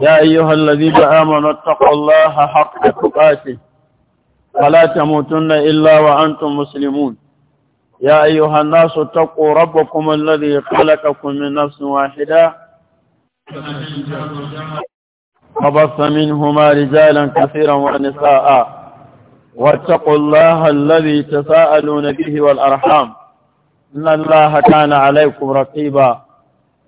يا أيها الذين آمنوا اتقوا الله حق تقاته فلا تموتن إلا وأنتم مسلمون يا أيها الناس اتقوا ربكم الذي خلقكم من نفس واحدة وبث منهما رجالا كثيرا ونساء واتقوا الله الذي تساءلون به والأرحام إن الله كان عليكم رقيبا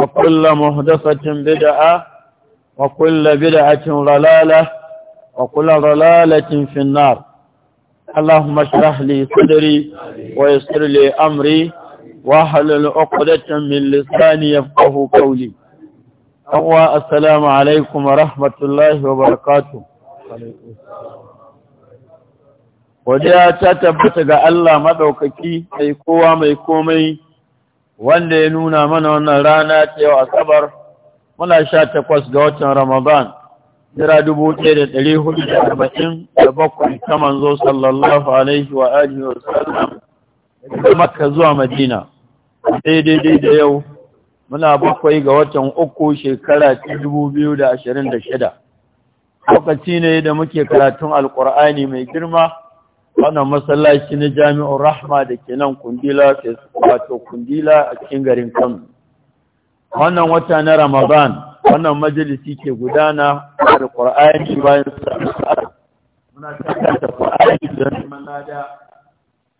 وكل مهدفة بدعة وكل بدعة رلالة وكل رلالة في النار اللهم اشرح لي صدري ويسر لي أمري وحل عقدة من لساني يفقه قولي أهوى السلام عليكم ورحمة الله وبركاته ودي أتبت الله مدوككي أي قوة أي قومي wanda ya nuna mana wannan rana ta yau asabar muna sha takwas ga watan ramadan jira dubu ɗaya da ɗari hudu da arba'in da bakwai ta manzo sallallahu alaihi wa alihi wa sallam daga makka zuwa madina daidai da yau muna bakwai ga watan uku shekara ta dubu biyu da ashirin da shida lokaci ne da muke karatun alƙur'ani mai girma wannan masallaci na Jami'un rahma da ke nan kundila wato kundila a cikin garin kano wannan wata na ramadan wannan majalisi ke gudana da shi bayan sa'ar muna tattata ƙwar'ayi don neman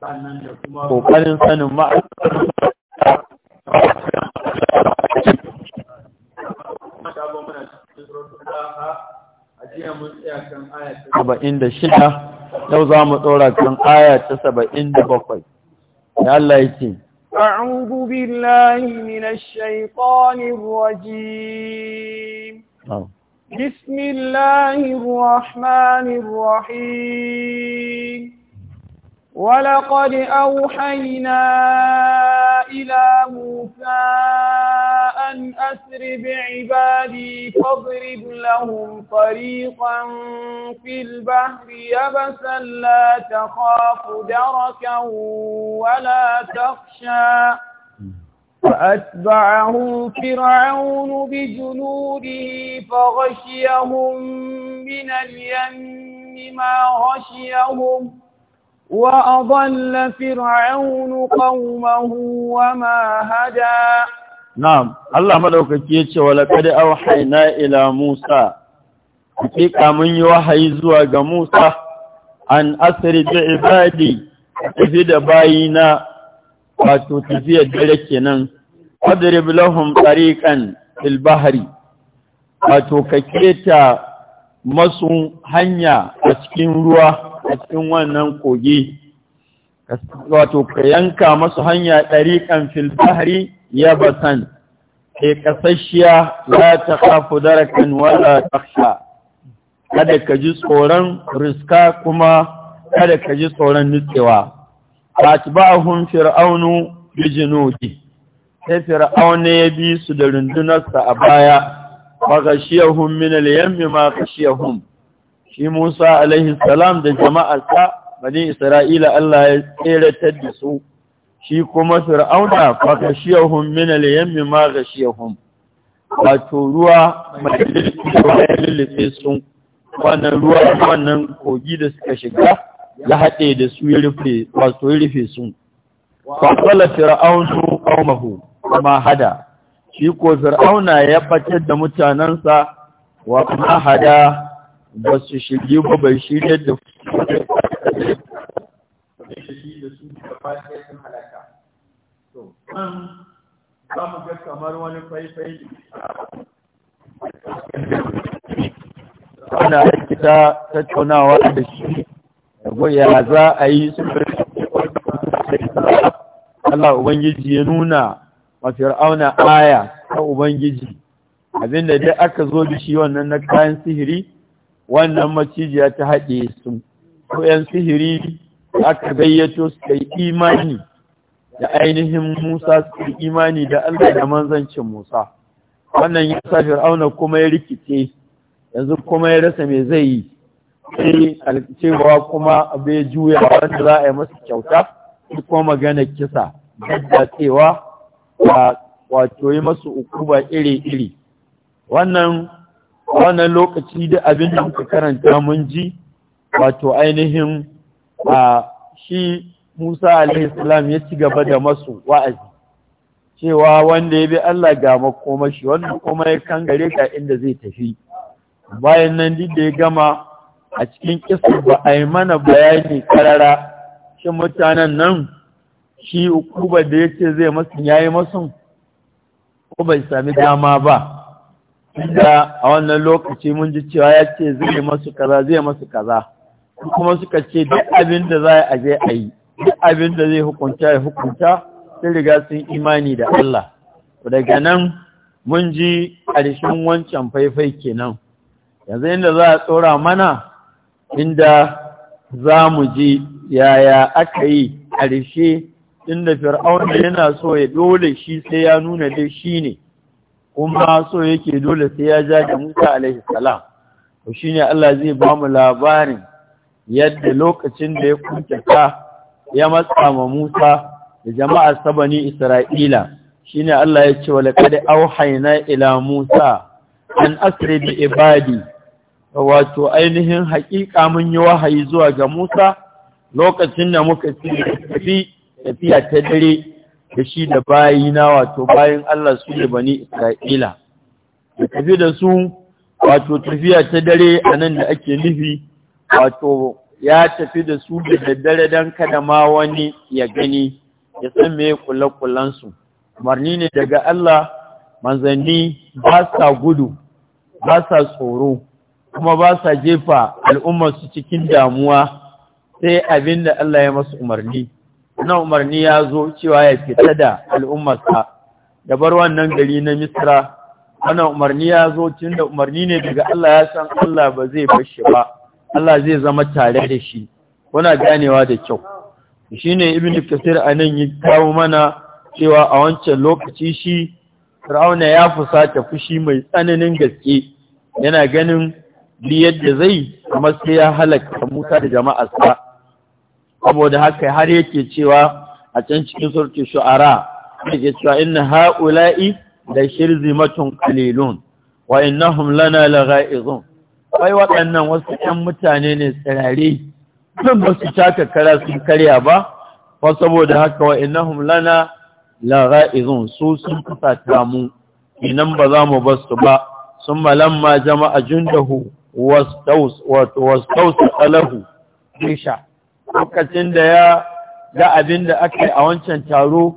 sannan da kuma ƙoƙarin sanin ma'aikata muna cikin a jiya mun tsaya kan da 46 yau za mu tsora kan aya ta saba'in da bakwai da Allah ya ce أعوذ بالله من الشيطان الرجيم بسم الله الرحمن ولقد أوحينا إلى موسى أن أسر بعبادي فاضرب لهم طريقا في البحر يبسا لا تخاف دركا ولا تخشى فأتبعه فرعون بجنوده فغشيهم من اليم ما غشيهم وأضل فرعون قومه وما هدى نعم الله مدوكك يتشى ولقد أوحينا إلى موسى حقيقة من يوحي زواج موسى أن أسر بعبادي تفيد باينا وتفيد جلكنا واضرب لهم طريقا في البحر وتككيت masu hanya a cikin ruwa cikin wannan kogi wato ka yanka masu hanya ɗariƙan filbahari ya basan ke ƙasashiya za ta kafu darakan wala ƙasha, kada ka ji tsoron riska kuma kada ka ji tsoron nutsewa hun fir'aunu bi sai fir'auna ya bi su da rundunarsa a baya Ba ka shiya hun minal yammi ma hun. shi Musa alaihi salam da jama'arsa bani Isra'ila Allah ya tseratar da su shi kuma Fir'auna fa kashiyahum min al yamm ma gashiyahum wato ruwa mai lullufe sun wannan ruwa wannan kogi da suka shiga ya haɗe da su ya rufe su ya rufe sun fasala fir'aunu qaumahu kuma hada shi ko fir'auna ya fatar da mutanansa wa kama hada ba su shirye ba bai shirye da su za mu ga kamar wani faifai ana aiki ta tattaunawa da shi ya za a yi su Allah Ubangiji ya nuna Fir'auna aya ta Ubangiji abinda dai aka zo da shi wannan na kayan sihiri wannan macijiya ta haɗe su ko ‘yan sihiri aka gayyato su yi imani da ainihin Musa su yi imani da Allah da manzancin Musa wannan ya sa Fir'auna kuma ya rikice yanzu kuma ya rasa me zai yi sai cewa kuma abu ya juya wanda za a yi masa kyauta ko kuma magana kisa da cewa wato yi masu ukuba iri-iri wannan wannan lokaci da abin da muka karanta mun ji wato ainihin a shi Musa alaihissalam ya ci gaba da masu wa'azi cewa wanda ya bi Allah ga makomashi wannan kuma ya kangare ka inda zai tafi bayan nan duk da ya gama a cikin kisa ba a yi mana bayani karara shi mutanen nan shi ukuba da ya ce zai masu yayi masu ko bai sami dama ba inda a wannan lokaci mun ji cewa ya ce zai masu kaza zai masu kaza kuma suka ce duk abin da za a je a yi duk abin da zai hukunta ya hukunta sun riga sun imani da Allah daga nan mun ji ƙarshen wancan faifai kenan yanzu inda za a tsora mana inda za mu ji yaya aka yi ƙarshe inda fir'auna yana so ya dole shi sai ya nuna dai shi ne kuma so yake dole sai ya ja da Musa alaihi salam to shine Allah zai ba mu labarin yadda lokacin da ya ka ya matsa ma Musa da jama'ar sabani Isra'ila shine Allah ya ce walaqad auhayna ila Musa an asri bi ibadi wato ainihin hakika mun yi wahayi zuwa ga Musa lokacin da muka ci tafi tafiya ta dare da shi da bayina wato bayan Allah su ne bani Isra'ila da tafi da su wato tafiya ta dare a nan da ake nufi wato ya tafi da su da daddare don kada ma wani ya gani ya san me kulakulansu marni ne daga Allah manzanni ba sa gudu ba sa tsoro kuma ba sa jefa al'ummarsu cikin damuwa sai abin da Allah ya masu umarni na umarni ya zo cewa ya fita da al'ummarsa da bar wannan gari na misra wannan umarni ya zo tun da umarni ne daga Allah ya san Allah ba zai fashe ba Allah zai zama tare da shi kuna ganewa da kyau Shi ne ibn a nan yi kawo mana cewa a wancan lokaci shi Fir'auna ya fusata fushi mai tsananin gaske yana ganin liyar da zai kamar sai ya halaka Musa da jama'arsa saboda haka har yake cewa a can cikin surtu shu'ara yake cewa inna ha'ula'i da shirzimatun qalilun wa innahum lana lagha'izun wai waɗannan wasu ƴan mutane ne tsirare sun ba su taka kara sun karya ba wa saboda haka wa innahum lana lagha'izun su sun kusata mu inan ba za mu su ba sun malamma jama'a jundahu wasu tausa alahu bisha lokacin da ya ga abin da aka yi a wancan taro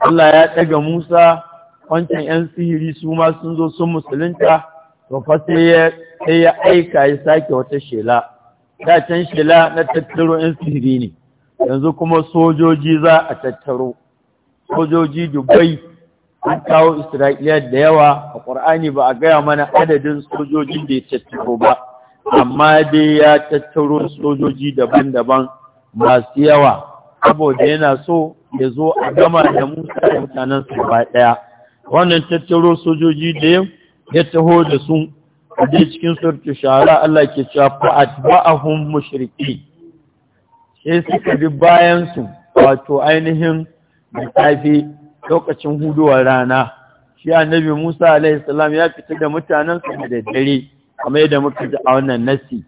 Allah ya ɗaga Musa wancan ‘yan sihiri su ma sun zo sun musulunta to sai ya aika ya sake wata shela da can shela na tattaro ‘yan sihiri ne yanzu kuma sojoji za a tattaro sojoji dubai an kawo isra'iliya da yawa a ƙur'ani ba a gaya mana adadin sojojin da ya tattaro ba amma dai ya tattaro sojoji daban-daban masu yawa saboda yana so ya zo a gama da musa da mutanen su ba ɗaya wannan tattaro sojoji da ya taho da su a dai cikin surtu shara Allah ke cewa fa'at ba'ahum mushriki sai suka bi bayan su wato ainihin da tafi lokacin huduwar rana shi annabi Musa alaihi salam ya fita da mutanen su da dare kamar yadda muka ji a wannan nasi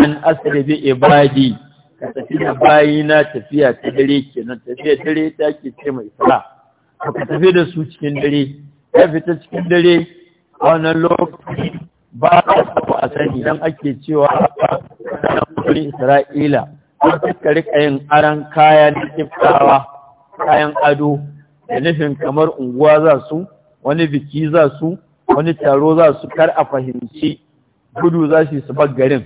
an asri ibadi ka tafi da bayi na tafiya ta dare kenan tafiya dare ta ke ce mai fara ka tafi da su cikin dare ya fita cikin dare a wannan lokaci ba a sani don ake cewa a kudin isra'ila an suka rika yin aran kaya na kiftawa kayan ado da nufin kamar unguwa za su wani biki za su wani taro za su kar a fahimci gudu za su yi su bar garin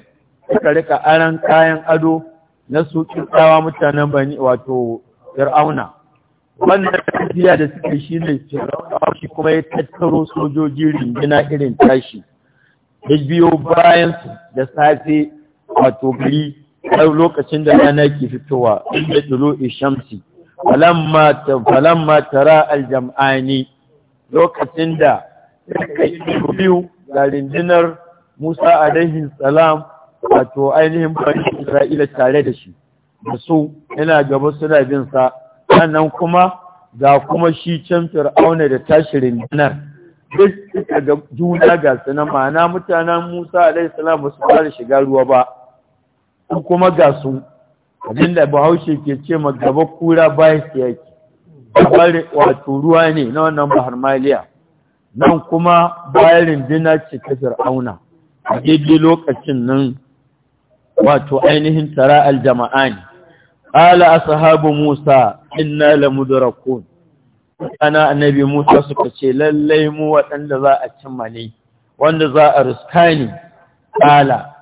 suka rika aran kayan ado na su kirkawa mutanen bani wato fir'auna wannan tafiya da suka shi ne fir'auna shi kuma ya tattaro sojoji ringina irin tashi da biyo bayan su da safe wato gari har lokacin da rana ke fitowa inda tsiro ishamsi falamma tara aljam'ani lokacin da suka biyu ga rindinar musa alaihi salam wato ainihin bari Isra'ila tare da shi da su yana gaba suna bin sa sannan kuma ga kuma shi can Fir'auna da tashi nan duk suka ga juna ga suna ma'ana mutanen Musa alaihi salam ba su fara shiga ruwa ba kuma ga su abinda Bahaushe ke ce ma gaba kura bayan siyaki kamar wato ruwa ne na wannan bahar maliya nan kuma bayan rindina ce ta fir'auna a daidai lokacin nan wato ainihin tara aljama'ani ala ashabu Musa inna lamudrakun ana annabi Musa suka ce lallai mu wanda za a cimma ne wanda za a ruska ne ala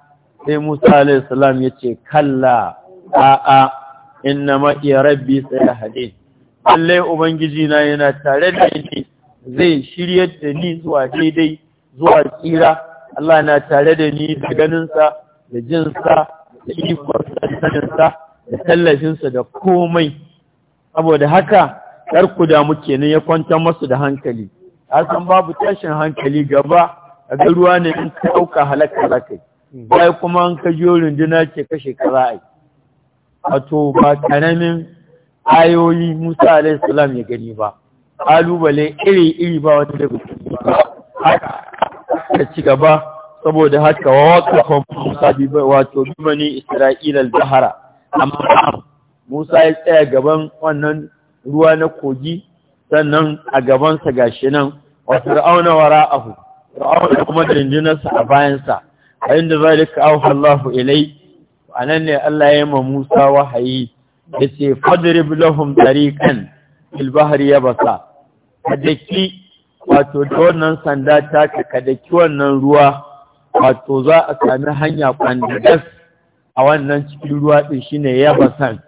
sai Musa alayhi salam yace kalla a'a inna ma ya rabbi sayahadin lallai ubangiji na yana tare da ni zai shiryar da ni zuwa daidai zuwa tsira Allah na tare da ni da ganinsa da jinsa da ikonsa da da tallafinsa da komai saboda haka ku da muke nan ya kwanta masu da hankali san babu tashin hankali gaba a garuwa ne in ka ɗauka halakka za ka yi bai kuma an ka jiyo runduna ce kashe shekara ai wato ba karamin ayoyi musa alaihi ya gani ba ƙalubale iri-iri ba wata da haka ta ci gaba saboda haka waqafa Musa bi wato bimani Isra'ila al-bahara amma Musa ya tsaya gaban wannan ruwa na kogi sannan a gabansa gashi nan wa fir'auna wara'ahu fir'auna kuma dindinarsa a bayansa a inda zalika auha Allahu ilai anan ne Allah ya ma Musa wahayi yace fadrib lahum tariqan fil bahri yabasa kadaki wato da wannan sanda ta kadaki wannan ruwa wato za a sami hanya gas a wannan cikin ruwa ɗin shine yabasan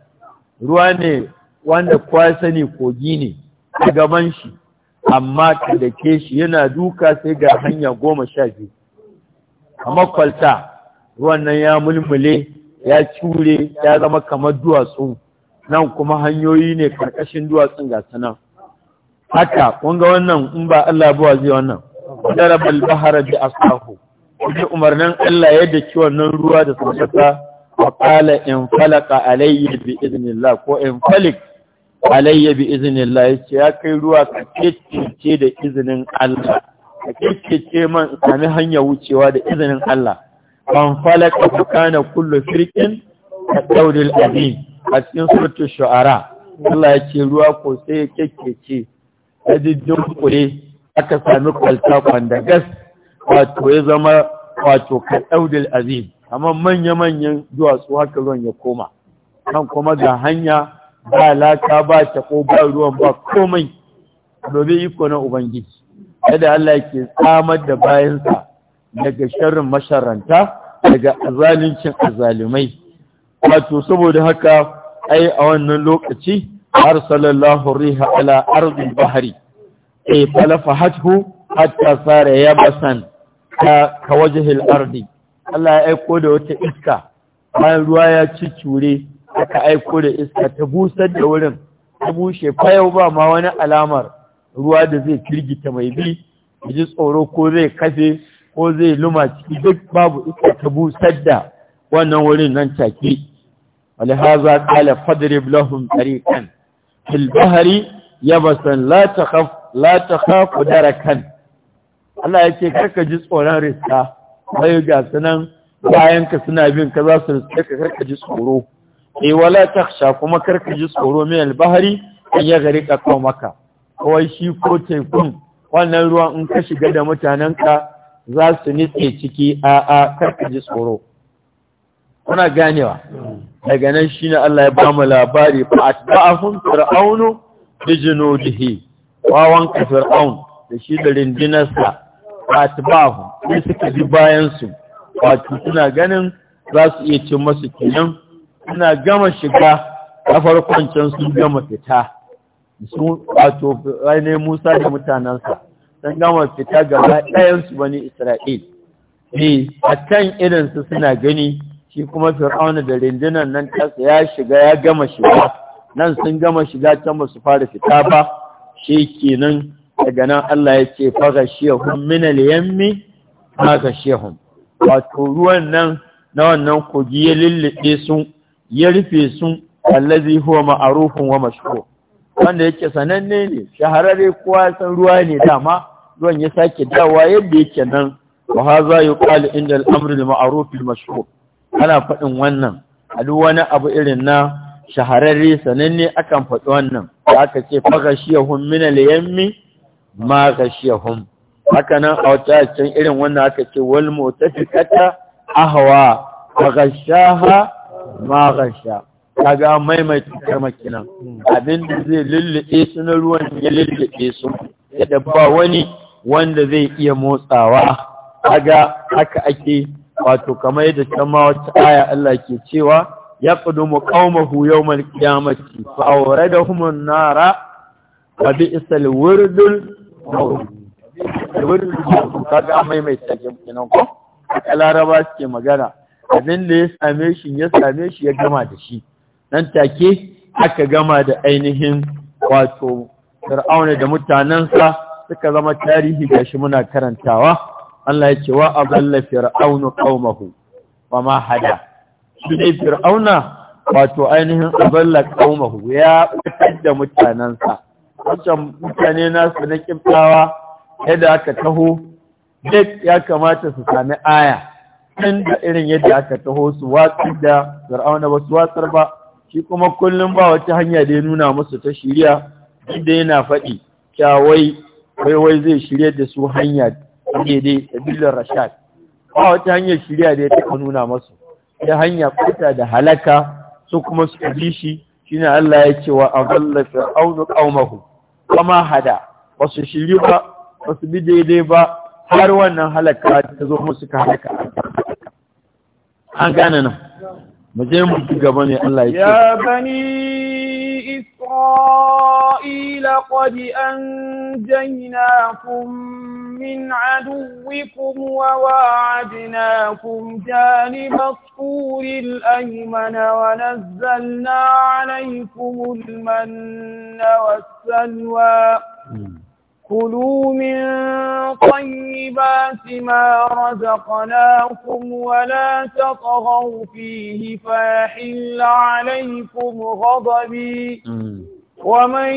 ruwa ne wanda kwa sani kogi ne a gaban shi amma da ke shi yana duka sai ga hanya goma sha biyu a makwalta ruwan nan ya mulmule ya cure ya zama kamar duwatsu nan kuma hanyoyi ne karkashin duwatsun ga sanan haka ga wannan in ba Allah buwa zai wannan Darabal bahara bi asahu da umarnin Allah yadda ki wannan ruwa da saka, wa qala in falaka alayya bi iznillah ko in falik alayya bi iznillah yace ya kai ruwa ka kicce da izinin Allah ka kicce man sami hanya wucewa da izinin Allah ban falaka fa kana kullu firqin kadawdil azim a cikin suratul shu'ara Allah ya ce ruwa ko sai ya kicce ta diddin kure aka sami kwalta kwanda gas wato ya zama wato kaɗaudil azim amma manya-manyan duwatsu haka zuwan ya koma kan kuma ga hanya ba laka ba taɓo ba ruwan ba komai domin iko na ubangiji yadda Allah ke samar da bayansa daga sharrin masharanta daga azalincin azalumai wato saboda haka ai a wannan lokaci har riha ala bahari bahri falafa eh, falafahathu hatta sare ya basan. ka waje hil'ardi Allah ya aiko da wata iska bayan ruwa ya ci cure aka aiko da iska ta busar da wurin ta bushe fayau ba ma wani alamar ruwa da zai kirgita mai bi ya ji tsoro ko zai kafe ko zai luma ciki duk babu iska ta busar da wannan wurin nan take ولهذا قال فاضرب لهم طريقا في ya basan, لا تخاف لا تخاف darakan Allah ya ce karka ji tsoron riska bai ga sunan bayan ka suna bin ka za su riska ka karka ji tsoro eh wala takhsha kuma karka ji tsoro mai albahari in ya gari ka kawo maka kawai shi ko tekun wannan ruwan in ka shiga da mutanen ka za su nitse ciki a a karka ji tsoro kuna ganewa daga nan shine Allah ya ba mu labari ba a fir'aunu bi wa wawan fir'aun da shi da rindinarsa atbahu sai suka bi bayan su wato suna ganin za su iya cin masu kenan suna gama shiga na farkon can sun gama fita su wato ne Musa da mutanensa sun gama fita gaba ɗayansu bane Isra'il ne eh, a can irinsu suna gani shi kuma fir'auna da rindunan nan ta ya shiga ya gama shiga nan sun gama shiga can ba fara fita ba shi kenan daga nan Allah ya ce faga shehun minal yammi faga shehun wato ruwan nan na wannan kogi ya lullube su ya rufe su allazi huwa ma'arufun wa mashhur wanda yake sananne ne shahararre kowa san ruwa ne dama ruwan ya sake dawa yadda yake nan wa haza yuqalu inda al-amr al-ma'ruf al ana faɗin wannan a duk wani abu irin na shahararre sananne akan faɗi wannan aka ce faga shehun minal yammi ma hum. haka nan a wata can irin wannan aka ce wal mutafikata ahwa wa gashaha ma gasha kaga maimaita makina. abin da zai lullube su na ruwan ya lullube su yadda ba wani wanda zai iya motsawa kaga haka ake wato kamar yadda can ma wata aya Allah ke cewa ya qadumu qaumahu yawmal qiyamati fa awradahum an-nara wa bi'sal wurdul abin da kaga an maimaita ko haka suke magana abin da ya same shi ya same shi ya gama da shi nan take aka gama da ainihin wato fir'auna da mutanensa suka zama tarihi shi muna karantawa Allah ya ce wa aballa fir'auna qaumahu wa ma hada shi ne fir'auna wato ainihin aballa qaumahu ya fitar da mutanensa wancan mutane nasu na kibtawa yadda aka taho duk ya kamata su sami aya da irin yadda aka taho su watsi da fir'auna ba su watsar ba shi kuma kullum ba wata hanya da ya nuna musu ta shirya inda yana faɗi kyawai waiwai zai shirya da su hanya daidai da billar rashad ba wata hanyar shirya da ya taɓa nuna masu ta hanya kuta da halaka su kuma su ji shi shine Allah ya ce wa a azalla fir'aunu qaumahu wama hada ba su shiri ba ba su bi daidai ba har wannan halaka ta zo musu ka halaka an gane nan mu je mu ci gaba ne Allah ya ce ya bani isra'ila qad anjaynakum من عدوكم وواعدناكم جانب الطور الأيمن ونزلنا عليكم المن والسلوى كلوا من طيبات ما رزقناكم ولا تطغوا فيه فيحل عليكم غضبي ومن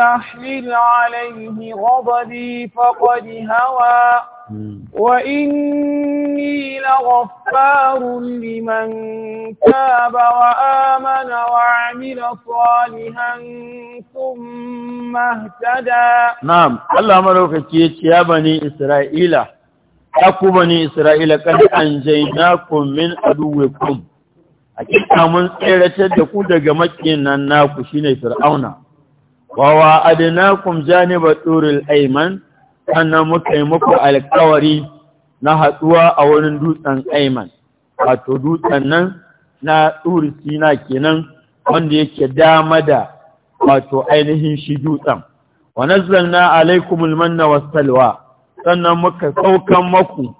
يحلل عليه غضبي فقد هوى وإني لغفار لمن تاب وآمن وعمل صالحا ثم اهتدى نعم الله كيش يا بني إسرائيل أكو بني إسرائيل قد أنجيناكم من عدوكم hakika mun tseratar da ku daga makinan naku shine fir'auna wa wa'adnakum janiba turil ayman sannan muka yi alkawari na haduwa a wurin dutsen ayman wato dutsen nan na turi sina kenan wanda yake dama da wato ainihin shi dutsen wa nazzalna alaikumul manna wassalwa sannan muka saukan maku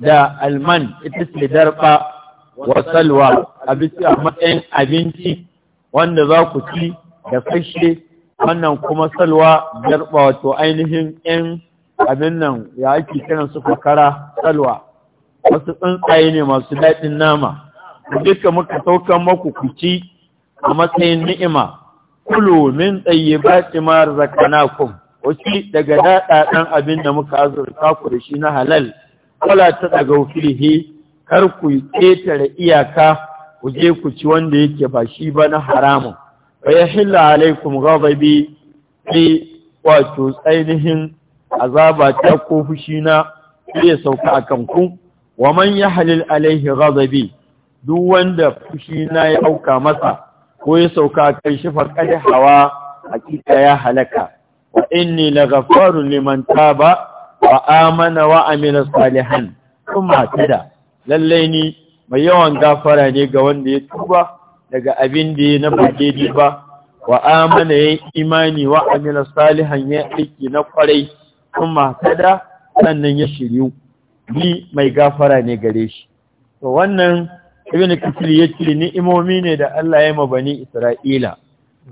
da alman ita ce darba wasalwa abinci a matsayin abinci wanda za ku ci da fashe wannan kuma salwa garba wato ainihin yan abin nan ya ake kiran su fakara salwa wasu tsuntsaye ne masu daɗin nama duka muka saukan maku ku ci a matsayin ni'ima kulu min tsaye tsayyibati ma razaqnakum wasi daga daɗaɗan abin da muka azurta ku da shi na halal wala ta daga filihi kar ku ƙetare iyaka ku je ku ci wanda yake ba shi ba na haramun wa ya hila alaikum ghadabi sai wato tsainihin azaba ta ko fushi na ya sauka a ku wa man halil alaihi ghadabi duk wanda fushi na ya auka masa ko ya sauka kan shifar faqad hawa hakika ya halaka wa inni gafarun liman taba wa amana wa Amina salihan kuma tada lallai ni mai yawan gafara ne ga wanda ya tuba daga abin da ya na bage ba wa amana ya imani wa amina salihan ya aiki na kwarai kuma da sannan ya shiryu ni mai gafara ne gare shi to wannan ibn kafir ni imomi ne da Allah ya mabani Isra'ila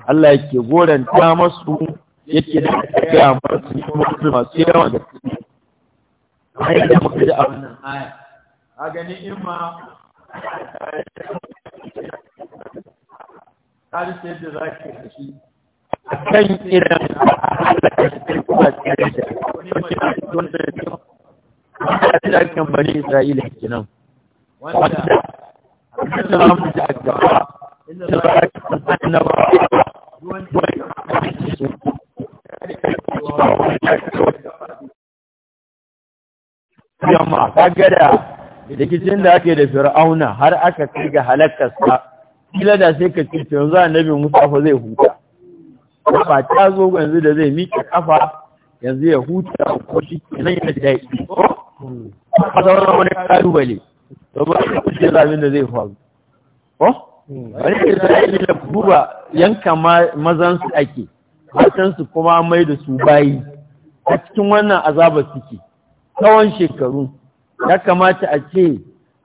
Allah yake goranta masu yake da ga masu masu yawa da ai da da a wannan aya a gani imma har sai da za ka kashi a kan irin halaka shi wanda bani isra'ila kenan wanda da ba ka san ta gada rikicin da ake da fir'auna har aka kai ga halakarsa kila da sai ka ce yanzu annabi musa fa zai huta ba ta zo yanzu da zai miƙe kafa yanzu ya huta ko shi nan ya ji daɗi ko ba zama wani kalubale to ba shi kuce zamin da zai faru ko wani isra'ila da buba yanka mazan su ake matan su kuma mai da su bayi a cikin wannan azabar suke tsawon shekaru ya kamata a ce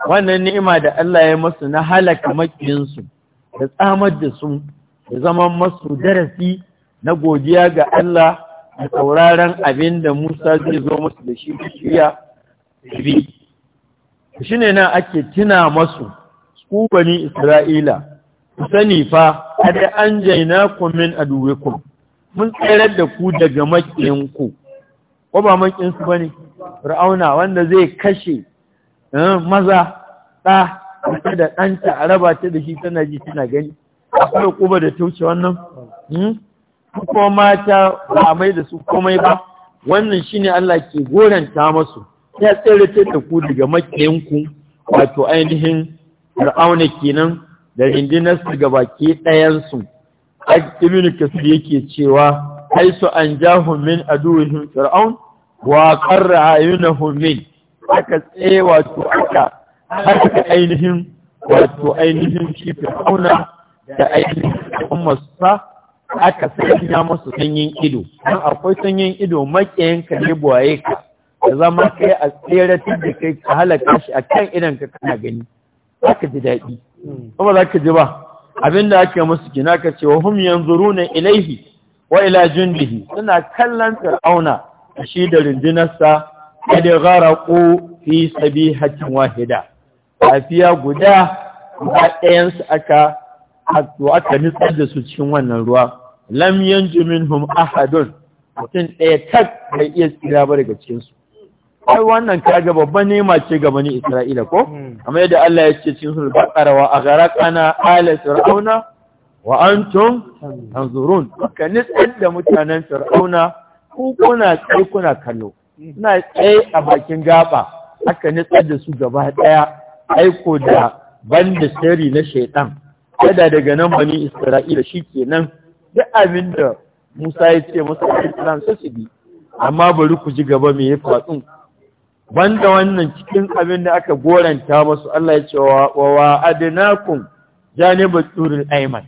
wannan ni'ima da Allah ya masu na halaka makiyinsu da tsamar da su da zama masu darasi na godiya ga Allah a sauraron abin da Musa zai zo masu da shi shiya bi shi ne nan ake tuna masu su Isra'ila ku sani fa kada an jaina ku min aduwikum mun tsayar da ku daga makiyinku ko ba makiyinsu ne fir'auna wanda zai kashe eh, maza ɗa da ɗanta a raba ta da shi tana ji tana gani akwai ƙuba da tauce wannan hmm? kuma mata ba a mai da su komai ba wannan shi ne Allah ke goranta masu ya ta da ku daga makiyanku wato ainihin fir'auna kenan da su gaba ke ɗayansu ibn kasir yake cewa haisu an jahun min aduwihim fir'aun wa qarra ayunahu min aka tsaye wato aka haka ainihin wato ainihin shi auna da ainihin ummarsa aka sanya masu sanyin ido don akwai sanyin ido makiyan ka ne buwaye ka da zama kai a tsere da kai ka halaka shi a kan idan ka kana gani za ka ji daɗi kuma za ka ji ba abin da aka musu kina ka ce wa hum yanzuruna ilaihi wa ila jundihi suna kallon fir'auna shi da rundunarsa gara gharaqu fi sabihatin wahida lafiya guda ba ɗayansu aka hatu aka nitsar da su cikin wannan ruwa lam jumin hum ahadun mutum ɗaya tak bai iya tsira ba daga cikinsu. su ai wannan kaga babban nema ce ga bani Isra'ila ko hmm. kamar yadda Allah ya ce cikin ƙarawa. A wa agharaqana ala fir'auna wa antum tanzurun ka nitsar da mutanen fir'auna ku kuna tsaye kuna kallo suna tsaye a bakin gaba aka nitsa da su gaba ɗaya aiko da banda sirri na shaitan kada daga nan bani isra'ila shi kenan duk abin da musa ya ce masa islam sai su bi amma bari ku ji gaba me ya faɗin banda wannan cikin abin da aka goranta masu Allah ya ce wa wa wa'adnakum janibat turul ayman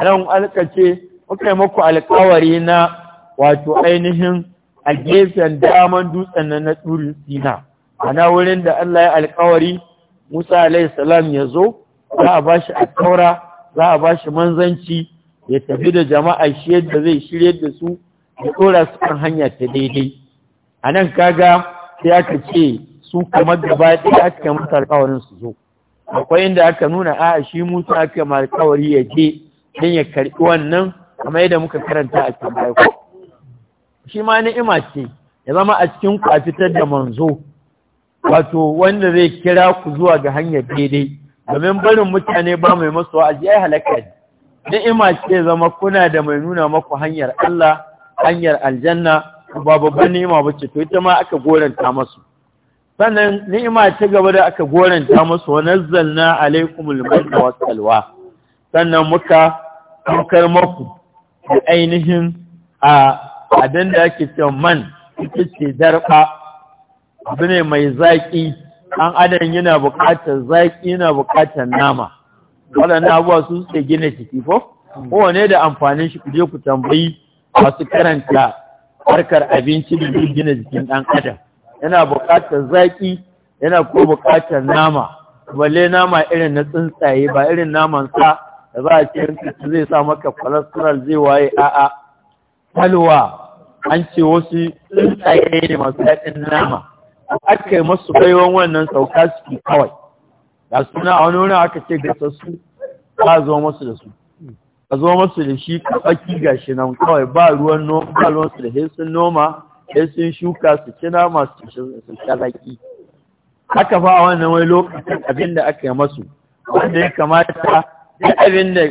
anan alƙace muka yi muku alƙawari na wato ainihin a gefen daman dutsen na turin sina ana wurin da Allah ya alkawari Musa alayhi salam ya zo za a bashi alkawara za a bashi manzanci ya tafi da jama'a shi yadda zai shirye da su ya tsora su kan hanya ta daidai a nan kaga sai aka ce su kamar gaba ɗaya aka masa alkawarin su zo akwai inda aka nuna a shi musa aka ma alkawari ya je dan ya karɓi wannan kamar yadda muka karanta a cikin baya shi ma ni'ima ce ya zama a cikin ku a fitar da manzo wato wanda zai kira ku zuwa ga hanyar daidai domin barin mutane ba mai masu wa'azi ai halaka ne ni'ima ce zama kuna da mai nuna maku hanyar Allah hanyar aljanna ba babban ni'ima bace to ita ma aka goranta masu sannan ni'ima ta gaba da aka goranta masu wa nazzalna alaikumul manna was salwa sannan muka saukar maku da ainihin a abin da ake cewa man ita ce darba abu ne mai zaƙi an adam yana buƙatar zaƙi yana buƙatar nama waɗannan abuwa su suke gina ciki ko kowane da amfanin shi kuje ku tambayi masu karanta harkar abinci da gina jikin ɗan adam yana buƙatar zaƙi yana ko buƙatar nama balle nama irin na tsuntsaye ba irin naman sa da za a ce zai sa maka cholesterol zai waye a'a halwa an ce wasu tsaye ne masu haɗin nama aka yi masu baiwan wannan sauka suke kawai da suna a wani wani aka ce gasassu ba zo masu da su a zo masu da shi kaɓaki ga shi nan kawai ba ruwan noma ba ruwan su da sai sun noma sai sun shuka su ci nama su shalaki haka fa a wannan wani lokacin abin da aka yi masu wanda ya kamata duk abin da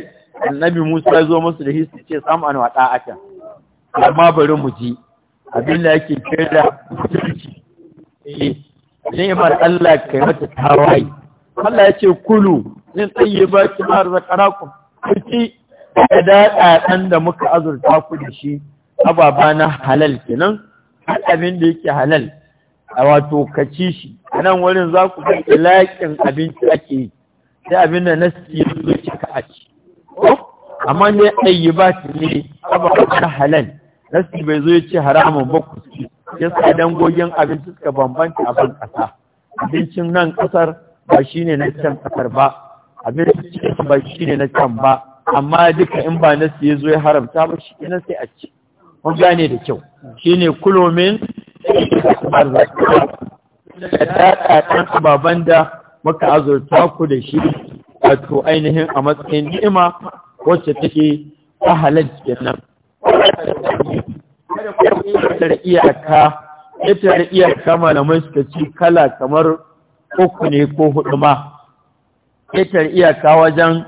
annabi musa ya zo masu da hisu ce saman an wada aka amma bari mu ji abin da yake kira mutunci eh ni'mar Allah kai mata tawayi Allah ya ce kulu zan tsaye ba ki ma arzakarakum kuci da ɗan da muka azurta ku da shi ababa na halal kenan abin da yake halal a wato ka ci shi a nan wurin za ku ga ilaƙin abinci ake yi sai abin da na siya zuwa cika a ci amma ne ɗayi ba su ne ababa na halal gaske bai zo ya ce haramun ba ku ci ya sa dangogin abinci suka bambanta a ban ƙasa abincin nan ƙasar ba shi ne na can ƙasar ba abincin ba shi ne na can ba amma duka in ba na ya zo ya haramta ba shi kenan sai a ci mun gane da kyau shi ne kulomin da ta ɗan baban da muka azurta ku da shi wato ainihin a matsayin ni'ima wacce take ta halal kenan kada ku iyaka fitar iyaka malamai suka ci kala kamar uku ne ko hudu ma ƙetare iyaka wajen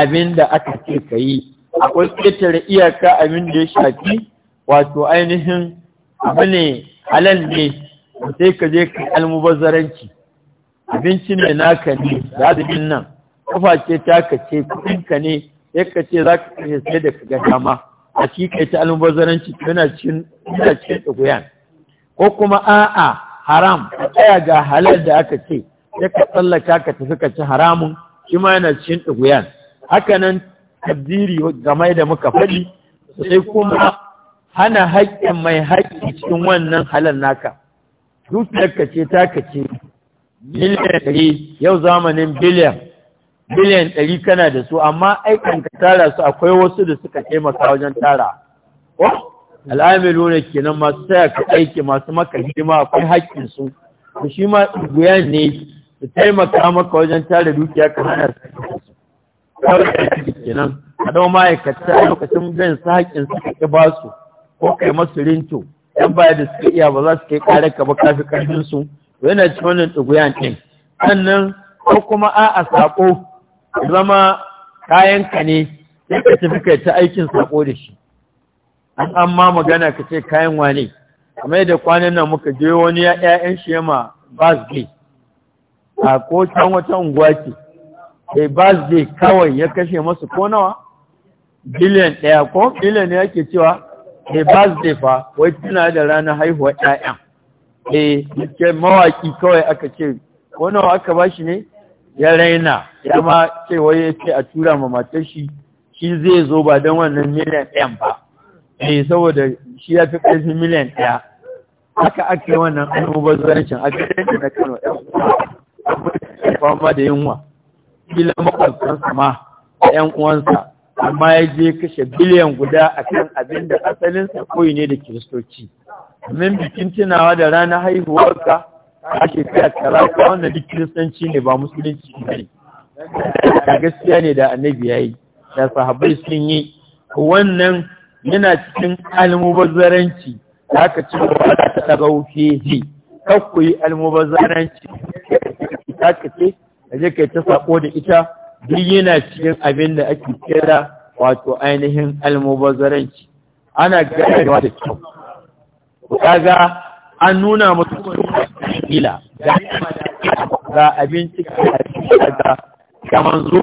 abin da aka ce ka yi akwai ƙetare iyaka abin da ya shafi wato ainihin abu ne halal ne sai ka je ka almubazzaranci abinci ne naka ne za da nan kafa ce ka ce kuɗinka ne sai ka ce za ka kashe sai da ka ga dama a cikin almubazaranci tana cikin yana cikin ko kuma a'a haram ka tsaya ga halal da aka ce sai ka tsallaka ka tafi ka ci haramun shi ma yana cikin tsuguyan haka nan tabdiri game da muka faɗi sai kuma hana haƙƙin mai haƙƙi cikin wannan halal naka ka ce ka ce miliyan ɗari yau zamanin biliyan Biliyan ɗari kana da su amma aikin ka tara su akwai wasu da suka taimaka wajen tara al'amilu ne kenan masu taya ka aiki masu maka hidima akwai haƙƙin su to shi ma guyan ne su taimaka maka wajen tara dukiya ka hana su kenan a dama ma'aikata lokacin zan sa haƙƙin su ka ba su ko kai masu rinto yan baya da suka iya ba za su kai kare ka ba kafi ƙarfin su yana ci wannan ɗin sannan ko kuma a a sako. zama kayanka ne sai ka tafi ta aikin sako da shi an an ma magana ka ce kayan wane kamar yadda kwanan nan muka je wani ya ya'yan shi ma birthday a ko can wata unguwa ce sai birthday kawai ya kashe masu ko nawa biliyan ɗaya ko biliyan ne yake cewa sai birthday fa wai tana da ranar haihuwar ƴaƴan eh ke mawaki kawai aka ce ko nawa aka shi ne ya raina ya ma cewa ya ce a tura ma matar shi shi zai zo ba don wannan miliyan ɗayan ba eh saboda shi ya fi ƙarfi miliyan ɗaya haka aka yi wannan almubazzarancin a gidan na kano ɗan fama da yunwa kila makwabtansa ma ƴan uwansa amma ya je kashe biliyan guda a kan abin da asalinsa koyi ne da kiristoci domin bikin tunawa da ranar haihuwarka a shekara kaza ko wannan duk kiristanci ne ba musulunci ne da gaskiya ne da annabi yayi da sahabbai sun yi wannan yana cikin almubazzaranci da aka ce da ta tagau fihi kakku yi almubazzaranci ta ce da je kai ta sako da ita duk yana cikin abin da ake kira wato ainihin almubazzaranci ana gane da kyau ga an nuna musu ila ga abinci ga ga manzo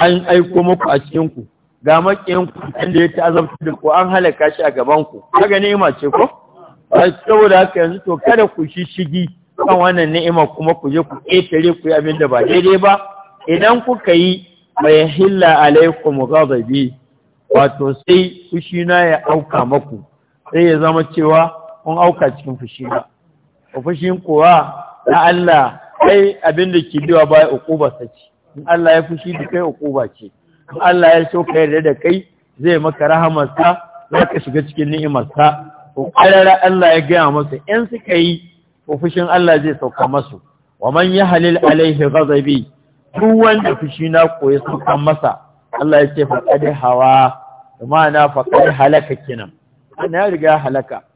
an aiko muku a cikin ku ga makiyan ku da ya ta'azabta da ku an halaka shi a gaban ku kaga ni'ima ce ko saboda haka yanzu to kada ku shishigi kan wannan ni'ima kuma ku je ku ƙetare ku yi abin da ba daidai ba idan kuka yi mai hilla alaikum ghadabi wato sai fushina ya auka maku sai ya zama cewa kun auka cikin fushi ba fushin kuwa na Allah kai abin da ke biwa baya uquba sace in Allah ya fushi da kai uquba ce in Allah ya so yarda da kai zai maka rahamarsa za ka shiga cikin ni'imarsa ko ƙarara Allah ya gaya masa in suka yi ko fushin Allah zai sauka masu wa man halil alaihi ghadabi duk wanda fushi na koyi sauka masa Allah ya ce faqad hawa ma'ana faqad halaka kinan ana riga halaka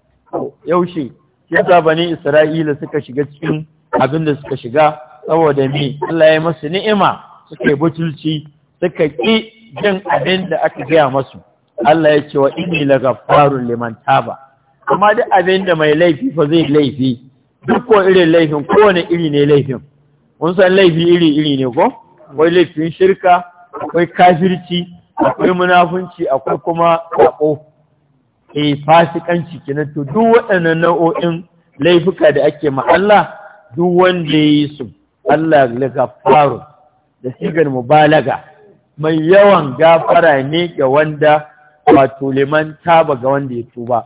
yaushe yasa bani isra'ila suka shiga cikin abin da suka shiga saboda me Allah ya masu ni'ima suka yi butulci suka ƙi jin abin da aka gaya masu Allah ya ce wa inni la ghaffarun liman taba amma duk abin da mai laifi fa zai laifi duk ko irin laifin kowane iri ne laifin mun san laifi iri iri ne ko akwai laifin shirka akwai kafirci akwai munafunci akwai kuma sako eh fasikanci kenan to duk waɗannan nau'o'in laifuka da ake ma Allah duk wanda yi su Allah gafaru da sigar mubalaga mai yawan gafara ne ga wanda wato liman taba ga wanda ya tuba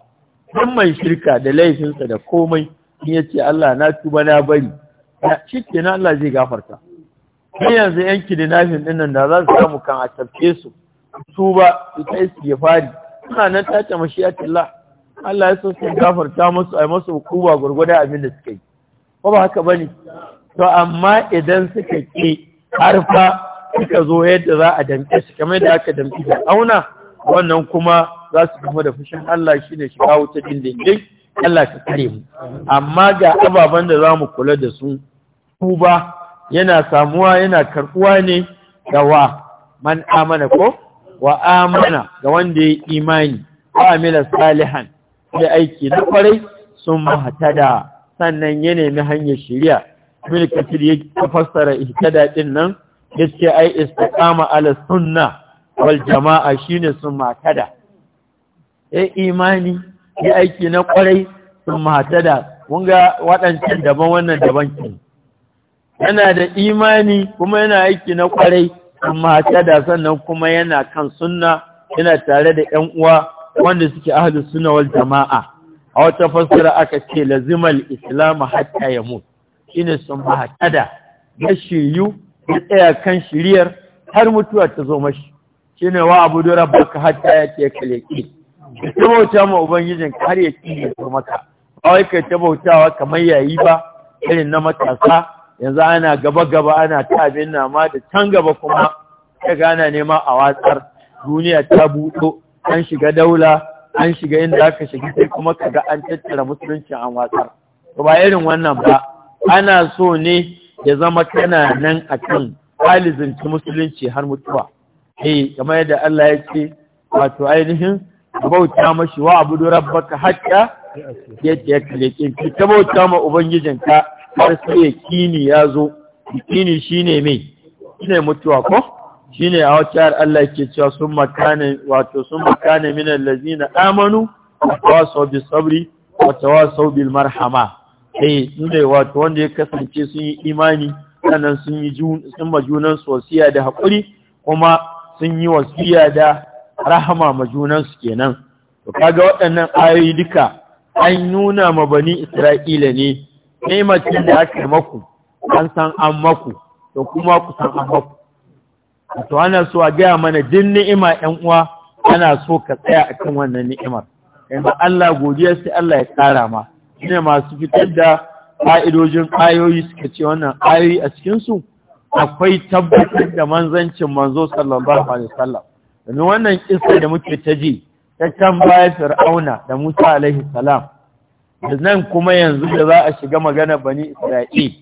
don mai shirka da laifinsa da komai in ya ce Allah na tuba na bari shi kenan Allah zai gafarta sai yanzu yan kidinafin ɗinnan da za su samu kan a tafke su tuba su ta iske fari suna nan ta ce mashiyatillah Allah ya so su gafarta masu a masu hukuma gurgurda abin da suka yi ko ba haka bane to amma idan suka ke harfa suka zo yadda za a damke shi kamar da aka damke da auna wannan kuma za su gama da fushin Allah shi shine shi kawo ta dindindin Allah ka kare mu amma ga ababen da za mu kula da su ba yana samuwa yana karɓuwa ne da wa man amana ko wa amana ga wanda ya imani wa amila salihan da aiki na kwarai sun mahatada sannan ya nemi hanyar shirya ibn kasir ya fassara ihtada din nan yace ai istiqama ala sunna wal jama'a shine sun mahatada ya imani ya aiki na kwarai sun mahatada mun ga waɗancan daban wannan daban kin yana da imani kuma yana aiki na kwarai amma da sannan kuma yana kan sunna yana tare da ƴan uwa wanda suke ahlus sunna wal jama'a a wata fassara aka ce lazimal islam hatta ya mutu shine sun hatada ya shiryu ya tsaya kan shiriyar har mutuwa ta zo mashi shine wa abu da rabbaka hatta ya ce kaleki ta bauta ma ubangijin har ya ki maka ba wai kai ta bautawa kamar yayi ba irin na matasa yanzu ana gaba-gaba ana ta abin nama da can gaba kuma ta gana nema a watsar duniya ta buɗo an shiga daula an shiga inda aka shiga sai kuma kaga an tattara musulunci a watsar to ba irin wannan ba ana so ne ya zama kana nan a akan ta musulunci har mutuwa eh kamar yadda Allah ya ce wato ainihin bauta mashi wa abudu rabbaka hatta yadda ya kalekin ki ta bauta ma ubangijinka har sai yakini ya zo yakini shine mai, shine mutuwa ko shine a wacce Allah ke cewa sun makane wato sun makane min allazina amanu tawasaw bis sabri wa tawasaw bil marhama eh ne wato wanda ya kasance sun yi imani sannan sun yi sun majunan wasiya da hakuri kuma sun yi wasiya da rahama majunan su kenan to kaga waɗannan ayoyi duka an nuna ma bani Isra'ila ne nemacin da ake maku an san an maku da kuma ku san an maku to ana so a gaya mana din ni'ima 'yan uwa ana so ka tsaya a kan wannan ni'imar yanzu Allah godiya sai Allah ya ƙara ma ne masu fitar da ƙa'idojin ayoyi suka ce wannan ayoyi a cikinsu akwai tabbatar da manzancin manzo sallallahu alaihi wasallam domin wannan kissa da muke ta ji ta kan baya fir'auna da Musa alaihi salam da nan kuma yanzu da za a shiga magana bani isra'il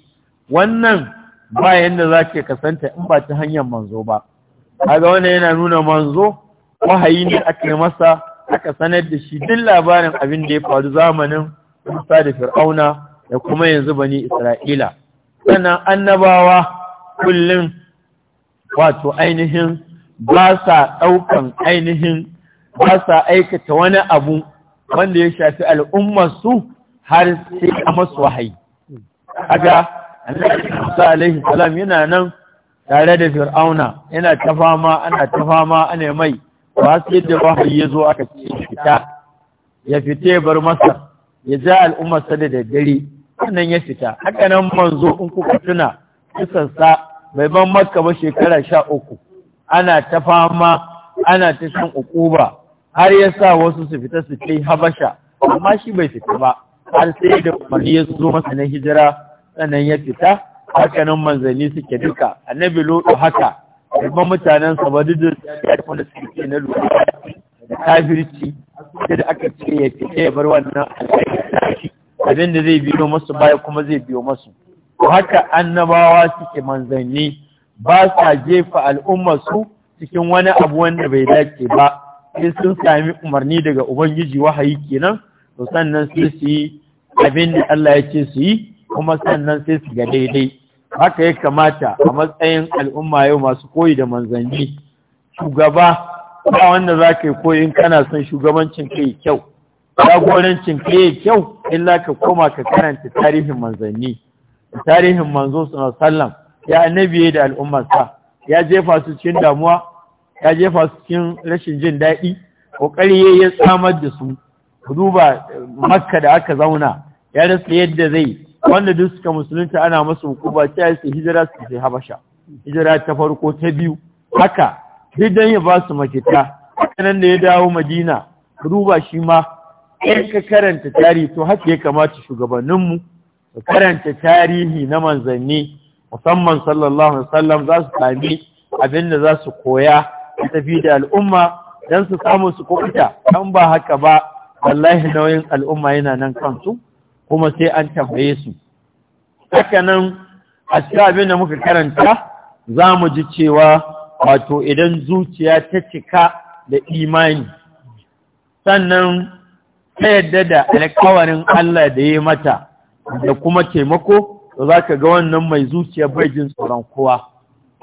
wannan ba yadda za ke kasanta in ba ta hanyar manzo ba kaga wannan yana nuna manzo wahayi ne aka yi masa aka sanar da shi duk labarin abin da ya faru zamanin Musa da Fir'auna da kuma yanzu bani Isra'ila sannan annabawa kullum wato ainihin ba sa ɗaukan ainihin ba sa aikata wani abu wanda ya shafi su. har sai a masu wahayi da, annabi Musa alaihi salam yana nan tare da Fir'auna yana ta fama ana ta fama ana mai ba sai da wahayi ya zo aka ce fita ya fita ya bar masa, ya ja al'ummarsa da daddare sannan ya fita haka nan manzo in kuka tuna kisansa bai ban maka ba shekara sha uku ana ta fama ana ta shan ukuba har ya sa wasu su fita su kai Habasha amma shi bai fita ba har sai da umarni ya zo masa na hijira sannan ya fita nan manzanni suke duka annabi lodo haka kuma mutanen sa ba tafi da wanda suke na lodo da kafirci da aka ce ya fita ya bar wannan alƙairi abin da zai biyo masu baya kuma zai biyo masu To haka annabawa suke manzanni ba sa jefa su cikin wani abu wanda bai dace ba sai sun sami umarni daga ubangiji wahayi kenan to sannan sai su yi abin da Allah ya ce su yi kuma sannan sai su ga daidai haka ya kamata a matsayin al'umma yau masu koyi da manzanni shugaba ba wanda za ka yi koyin kana son shugabancin kai kyau jagorancin kai ya kyau illa ka koma ka karanta tarihin manzanni tarihin manzo suna sallam ya annabi da al'ummarsa ya jefa su cikin damuwa ya jefa su cikin rashin jin daɗi ƙoƙari ya samar da su duba makka da aka zauna ya rasa yadda zai wanda duk suka musulunta ana masu hukuba ta su hijira su sai habasha hijira ta farko ta biyu haka duk ya ba su makita nan da ya dawo madina ku duba shi ma in ka karanta tarihi to haka ya kamata shugabanninmu su karanta tarihi na manzanni musamman sallallahu alaihi wasallam za su sami abin da za su koya tafi da al'umma don su samu su kuɓuta kan ba haka ba wallahi nauyin al'umma yana nan kansu kuma sai an tambaye su haka nan a cikin da muka karanta za mu ji cewa wato idan zuciya ta cika da imani sannan ta yadda da alkawarin Allah da ya mata da kuma taimako da za ka ga wannan mai zuciya bai jin tsoron kowa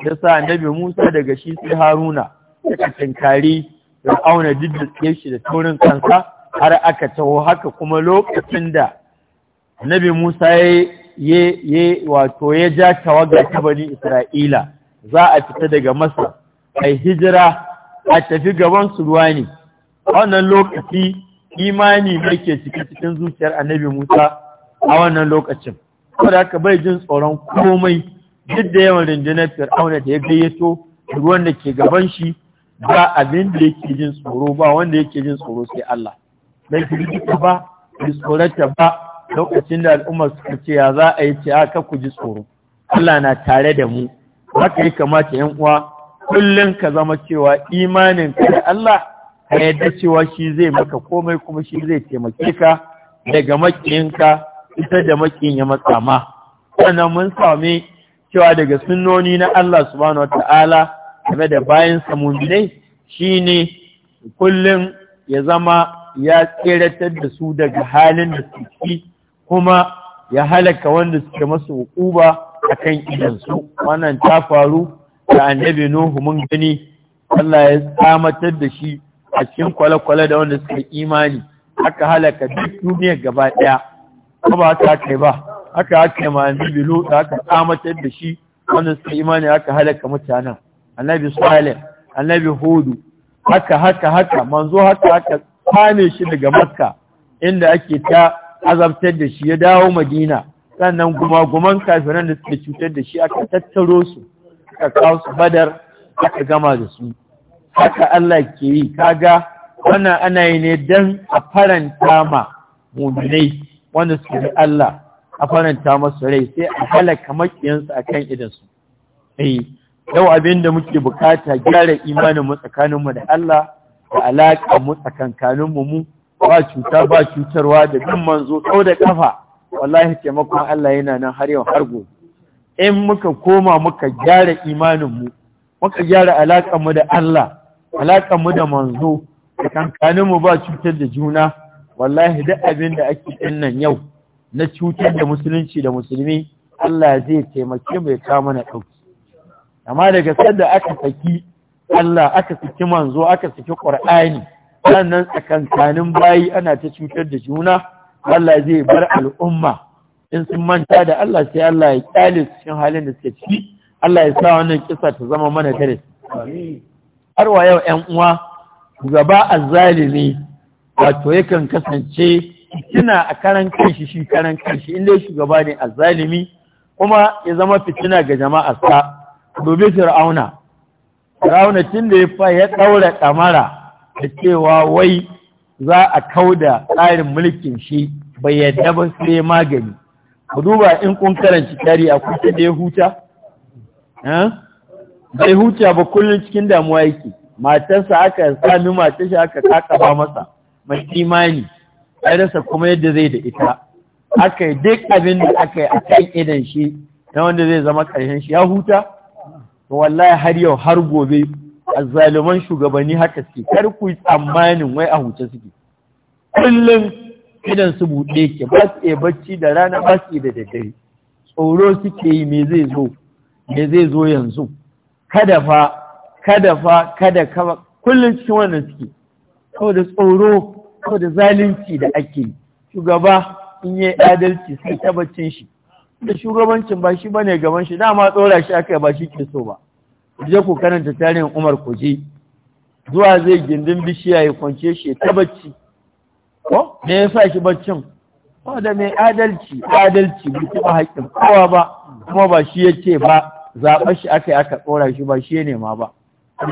ya sa annabi musa daga shi sai haruna suka tinkari da auna duk da tsaye shi da taurin kansa har aka taho haka kuma lokacin da nabi Musa ya wato ya ja tawaga ta bani Isra'ila za a fita daga Masar ai hijira a tafi gaban su ruwa ne wannan lokaci imani ne ke cikin cikin zuciyar annabi Musa a wannan lokacin saboda haka bai jin tsoron komai duk da yawan rundunar Fir'auna da ya gayyato ruwan da ke gaban shi ba abin da yake jin tsoro ba wanda yake jin tsoro sai Allah bai firgita ba bai tsorata ba lokacin da al'ummar suka ce ya za a yi ce aka ku ji tsoro Allah na tare da mu ka ya kamata yan uwa kullum ka zama cewa imanin ka da Allah ka yadda cewa shi zai maka komai kuma shi zai taimake ka daga makiyinka ita da makiyin ya matsa ma sannan mun sami cewa daga sunnoni na Allah subhanahu ta'ala game da bayan shi shine kullum ya zama ya tseratar da su daga halin da suke kuma ya halaka wanda suke masu hukuba a kan idansu wannan ta faru da annabi nuhu mun gani Allah ya tsamatar da shi a cikin kwale-kwale da wanda suke imani aka halaka duk duniya gaba ɗaya ko ba haka kai ba aka haka ma annabi da aka tsamatar da shi wanda suke imani aka halaka mutanen annabi salih annabi hudu haka haka haka manzo haka haka kwame shi daga makka inda ake ta azabtar da shi ya dawo madina sannan gumaguman kafiran da suka cutar da shi aka tattaro su aka kawo su badar aka gama da su haka Allah ke yi kaga wannan ana yi ne don a faranta ma muminai wanda suka yi Allah a faranta masu rai sai a halaka makiyansu a kan idansu eh, yau abin da muke bukata gyara imanin mu tsakaninmu da Allah da alaƙa mu mu ba cuta ba cutarwa da bin manzo kau da kafa wallahi taimakon Allah yana nan har yau har gobe in muka koma muka gyara imanin muka gyara alaƙa mu da Allah alaƙa mu da manzo tsakankanin mu ba cutar da juna wallahi da abin da ake din nan yau na cutar da musulunci da musulmi Allah zai taimake mu ya kawo mana ɗauki amma daga sanda aka saki Allah aka saki manzo aka saki Qur'ani sannan tsakankanin bayi ana ta cutar da juna Allah zai bar al'umma in sun manta da Allah sai Allah ya kyale su cikin halin da suke ciki Allah ya sa wannan kisa ta zama mana kare har wa yau 'yan uwa gaba azzalimi wato yakan kasance fitina a karan kanshi shi karan kanshi inda shugaba ne azzalimi kuma ya zama fitina ga jama'a sa dobe fir'auna Fir'auna tun da ya fa ya ɗaura ɗamara da cewa wai za a kauda tsarin mulkin shi bai yadda ba sai magani. Ku duba in kun karanci tari a kusa da ya huta? Bai huta ba kullum cikin damuwa yake. Matarsa aka sami matarsa aka kakaba masa mai imani, ya rasa kuma yadda zai da ita. Aka yi duk abin da aka yi a kan idan shi na wanda zai zama ƙarshen shi ya huta? to wallahi har yau har gobe azzaluman shugabanni haka suke kar ku yi tsammanin wai a huce suke kullum idan su buɗe ke ba su iya bacci da rana ba su da daddare tsoro suke yi me zai zo me zai zo yanzu kada fa kada fa kada kaba kullum cikin wannan suke saboda tsoro da zalunci da ake shugaba in yi adalci sai tabbacin shi da shugabancin ba shi bane gaban shi dama tsora shi aka ba shi ke so ba je ku karanta tarihin Umar Kuje zuwa zai gindin bishiya ya kwance shi ta bacci ko me yasa shi baccin ko da mai adalci adalci bai ba haƙƙin kowa ba kuma ba shi yace ba zaɓar shi aka yi aka tsora shi ba shi ne ma ba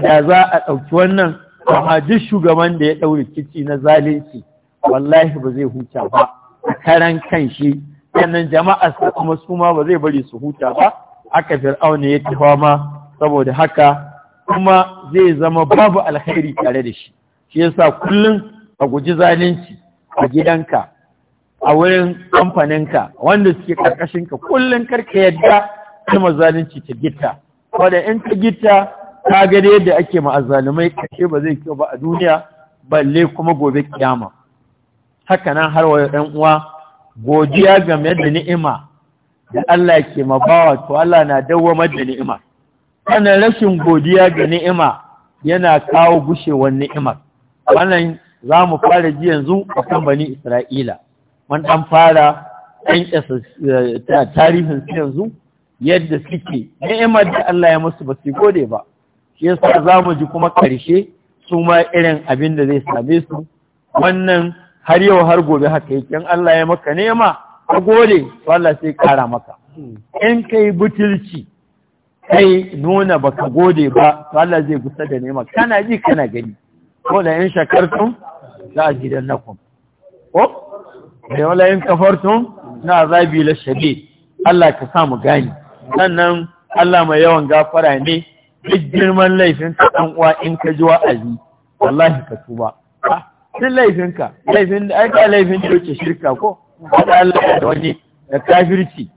da za a ɗauki wannan amma duk shugaban da ya ɗau rikici na zalunci wallahi ba zai huta ba a karan kan shi sannan jama'a su kuma su ma ba zai bari su huta ba Aka fir'auna ya tafa ma saboda haka kuma zai zama babu alkhairi tare da shi shi yasa kullum a guji zalunci a gidanka a wurin kamfaninka wanda suke karkashin ka, kullum karka yadda kalmar zalunci ta gitta wanda in ta gitta ta ga yadda ake ma'azzalumai kashe ba zai kyau ba a duniya balle kuma gobe kiyama haka nan har wa ɗan uwa godiya game da ni'ima da Allah ke mabawa to Allah na dawwamar da ni'ima wannan rashin godiya ga ni'ima yana kawo gushewar ni'ima wannan za mu fara ji yanzu a kan bani Isra'ila wani ɗan fara ɗan eh, tarihin su yanzu yadda suke ni'imar da Allah ya musu ba su gode ba shi yasa za mu ji kuma ƙarshe su ma irin abin da zai same su wannan har yau har gobe haka yake in Allah ya maka nema ka gode to Allah sai kara maka in kai butulci kai nuna baka gode ba to Allah zai gusa da nema kana ji kana gani ko da in shakartum za a gidan nakum ko da eh, wala in kafartum na azabi la shadid Allah ka sa mu gani sannan Allah mai yawan gafara ne duk girman laifin ka dan uwa in ka ji wa'azi wallahi ka tuba laifin laifinka laifin da aika laifin da yake shirka ko da Allah da wani da kafirci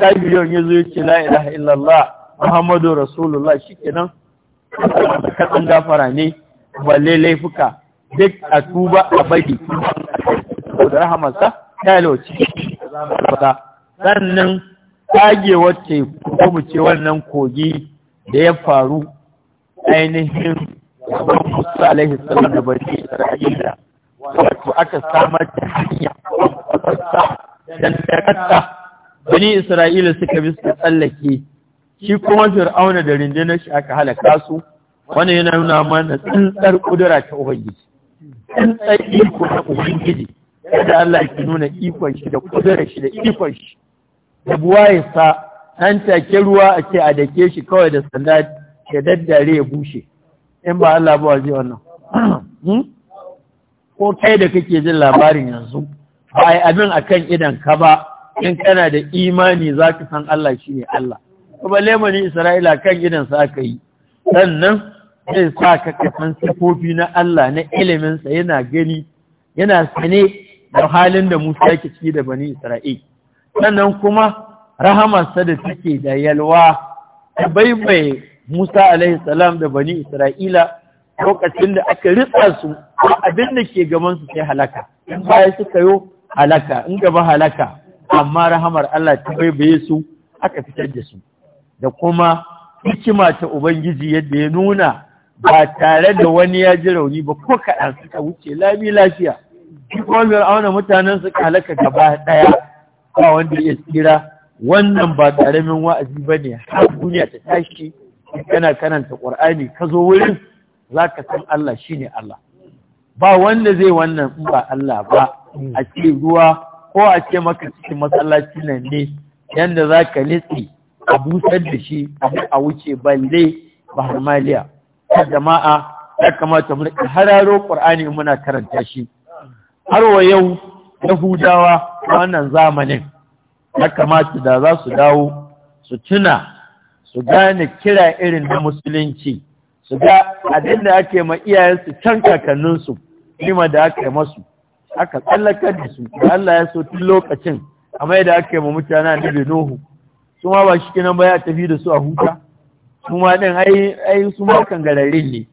ya yau yazo yace la ilaha illallah muhammadu rasulullah shikenan kadan gafara ne balle laifuka duk a tuba a bari da rahamarsa ta yalwaci sannan kagewar teku ko mu ce wannan kogi da ya faru ainihin kamar musa alaihi salam da bari isra'ila wato aka samar da hanya kwakwatarsa dandakarta bani isra'ila suka bi su tsallake shi kuma fir'auna da rindinar shi aka halaka su wani yana nuna mana tsantsar kudura ta ubangiji tsantsar iko ta ubangiji yadda Allah ke nuna ikon shi da kudura shi da ikon shi da buwa ya sa an take ruwa a ce a dake shi kawai da sanda ya daddare ya bushe in ba Allah ba waje wannan hmm? ko kai da kake jin labarin yanzu ba a yi abin a kan idan ka ba in kana da imani za ka san Allah shi ne Allah kuma lemani Isra'ila kan idon sa aka yi sannan zai sa ka kasan sifofi na Allah na iliminsa yana gani yana sane da halin da Musa ke ciki da bani Isra'il sannan kuma rahamarsa da take da yalwa ta bai Musa alaihi salam da bani Isra'ila lokacin da aka ritsa su abin da ke gaban su sai halaka in baya suka yo halaka in gaba halaka amma rahamar Allah ta baibaye su aka fitar da su da kuma hikima ta ubangiji yadda ya nuna ba tare da wani ya ji rauni ba ko kaɗan suka wuce lami lafiya shi kuma auna mutanen suka halaka gaba ɗaya ba wanda ya tsira wannan ba ƙaramin wa'azi ba ne har duniya ta tashi kana karanta ƙur'ani ka zo wurin za ka san Allah shi ne Allah ba wanda zai wannan in ba Allah ba hmm. a ce ruwa ko a ce maka cikin masallaci nan ne yadda za ka litsi a busar da shi a wuce balle ba harmaliya ta jama'a ya kamata mu da hararo ƙur'ani muna karanta shi har wa yau yahudawa wannan zamanin ya kamata da za su dawo su tuna su gane kira irin na musulunci su ga abin da ake ma iyayensu can kakanninsu nima da aka yi masu aka tsallakar da su da Allah ya so tun lokacin amma da aka yi ma mutanen annabi Nuhu su ma ba shi kinan ba ya tafi da su a huta su ma ɗin ai su ma gararin ne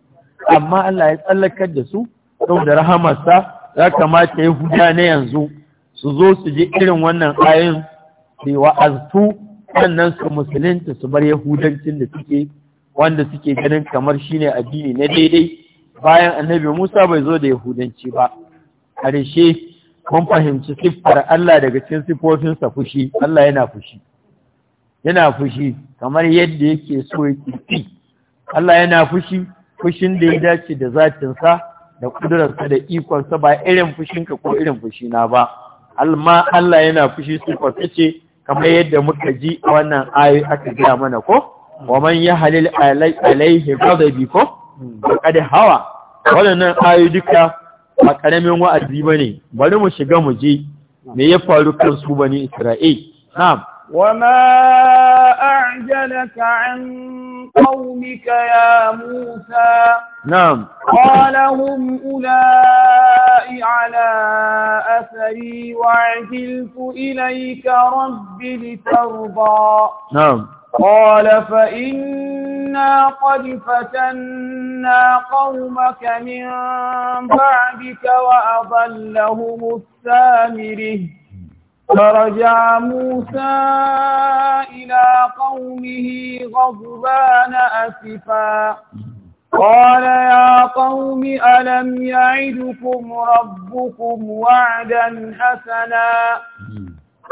amma Allah ya tsallakar da su saboda rahamarsa ya kamata ya huda na yanzu su zo su ji irin wannan ayin wa'aztu sannan su musulunta su bar yahudancin da suke wanda suke ganin kamar shine addini na daidai bayan annabi Musa bai zo da yahudanci ba ƙarshe mun fahimci siffar Allah daga cikin siffofinsa fushi Allah yana fushi yana fushi kamar yadda yake so yake Allah yana fushi fushin da ya dace da zatinsa da kudurarsa da ikonsa ba irin fushinka ko irin fushina ba amma Allah yana fushi siffarsa ce kamar yadda muka ji a wannan ayoyi aka gaya mana ko wa man halil alaihi ghadabi ko kada hawa waɗannan ayoyi duka a ƙaramin wa'azi ne, bari mu shiga mu ji me ya faru kan su bani Isra'il na'am وما أعجلك عن قومك يا موسى نعم قال هم أولئك على أثري وعجلت إليك رب لترضى نعم قال فإنا قد فتنا قومك من بعدك وأضلهم السامره فرجع موسى إلى قومه غضبان أسفا قال يا قوم ألم يعدكم ربكم وعدا حسنا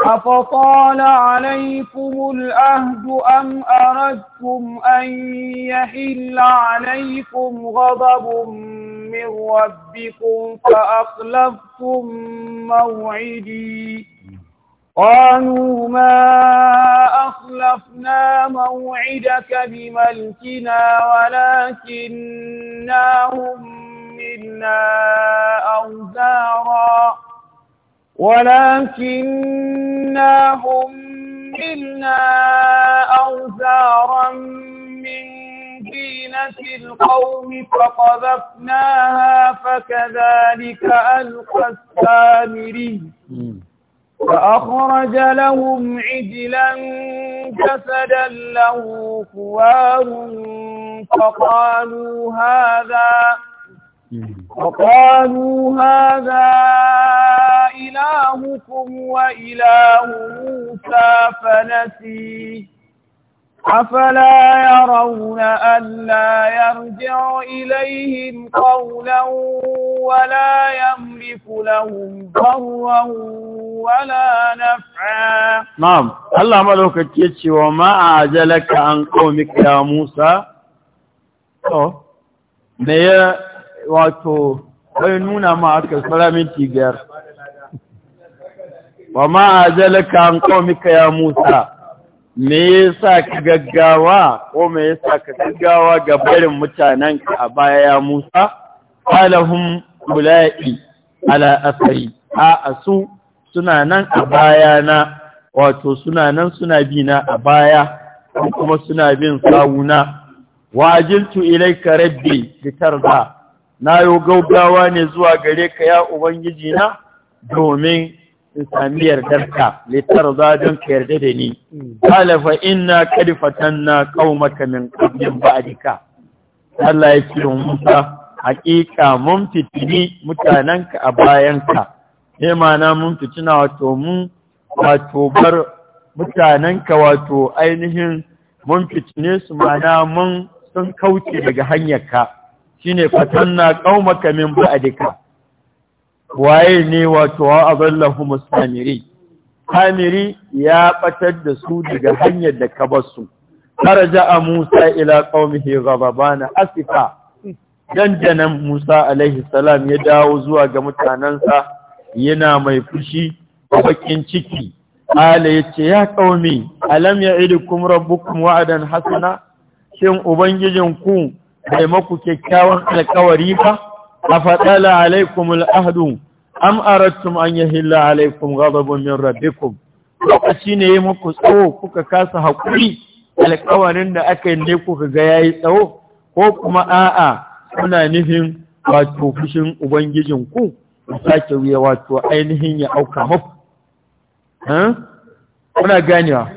أفطال عليكم الأهد أم أردتم أن يحل عليكم غضب من ربكم فأخلفتم موعدي قالوا ما أخلفنا موعدك بملكنا ولكننا هملنا أوزارا ولكننا هملنا أوزارا من دينة القوم فقذفناها فكذلك ألقى السامري فأخرج لهم عجلا جسدا له خوار فقالوا هذا فقالوا هذا إلهكم وإله موسى فنسيه أفلا يرون أن لا يرجع إليهم قولا ولا يملك لهم ضرا ولا نفعا نعم الله ملوك تيتشي وما أعجلك عن قومك يا موسى أوه me ya wato bai nuna ma aka salaminti biyar wa ma ajalaka an qaumika ya Musa me yasa ka gaggawa ko me yasa ka gaggawa ga barin mutanen ka a baya ya Musa falahun ulai ala asri a asu suna nan a baya na wato suna nan suna bi na a baya kuma suna bin sawuna wajiltu ilayka rabbi da? na yo gaugawa ne zuwa gare ka ya ubangiji na domin in sami yardarka littar za don ka yarda da ni kalafa ina karfatan na maka min kabin ba'adika Allah ya ce Musa hakika mun fitini mutanenka a bayanka ne mana mun fitina wato mun wato bar mutanenka wato ainihin mun fitine su mana mun sun kauce daga hanyarka shine fatanna qaumaka min ba'dika waye ne wato azallahu mustamiri kamiri ya batar da su daga hanyar da ka basu karaja Musa ila qaumihi ghadabana asifa dandanan Musa alaihi salam ya dawo zuwa ga mutanansa yana mai fushi bakin ciki ala yace ya qaumi alam ya'idukum rabbukum wa'adan hasana shin ubangijinku bai maku kyakkyawan alƙawari ba A afadala alaikumul ahdu am aratum an yahilla alaikum ghadabun min rabbikum lokaci ne ya muku tsawo kuka kasa hakuri alƙawarin da aka yi ne kuka ga yayi tsawo ko kuma a'a kuna nufin wato fushin ubangijin ku sake wuya wato ainihin ya auka muku kuna ganewa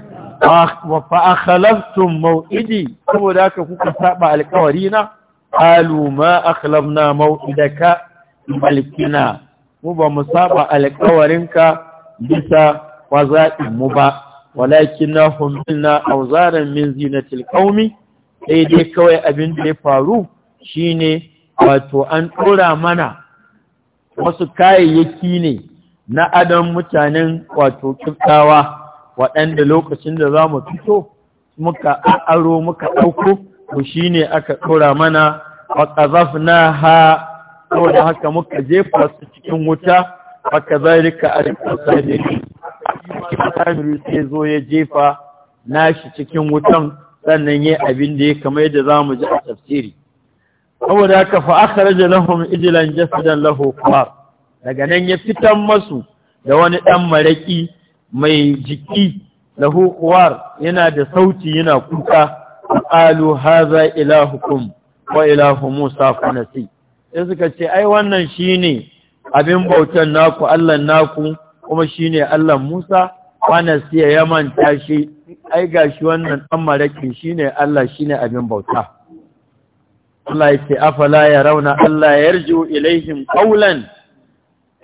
wa fa akhlaftum maw'idi saboda haka kuka saba alƙawari na qalu ma akhlafna maw'idaka malikina mu ba mu saba alƙawarinka bisa wazaɗin mu ba walakin na na auzaran min zinatil ƙaumi, sai dai kawai abin da ya faru shine wato an ɗora mana wasu kayayyaki ne na adon mutanen wato kirkawa. waɗanda lokacin da za mu fito muka aro muka ɗauko shi shine aka ɗora mana wa na ha saboda haka muka jefa su cikin wuta haka zalika arifin sadiri samiru sai zo ya jefa nashi cikin wutan sannan yayi abin da ya kamar yadda zamu ji a tafsiri saboda haka fa akhraja lahum ijlan jasadan lahu qar daga nan ya fitan masu da wani ɗan maraki mai jiki lahu qar yana da sauti yana kuka qalu hadha ilahukum wa ilahu musa fa nasi sai suka ce ai wannan shine abin bautan naku Allah naku kuma shine Allah Musa wannan sai ya manta shi ai gashi wannan dan maraki shine Allah shine abin bauta Allah yake afala rauna Allah yarju ilaihim qawlan